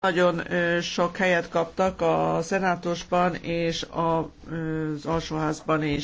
Nagyon sok helyet kaptak a szenátusban és az alsóházban is.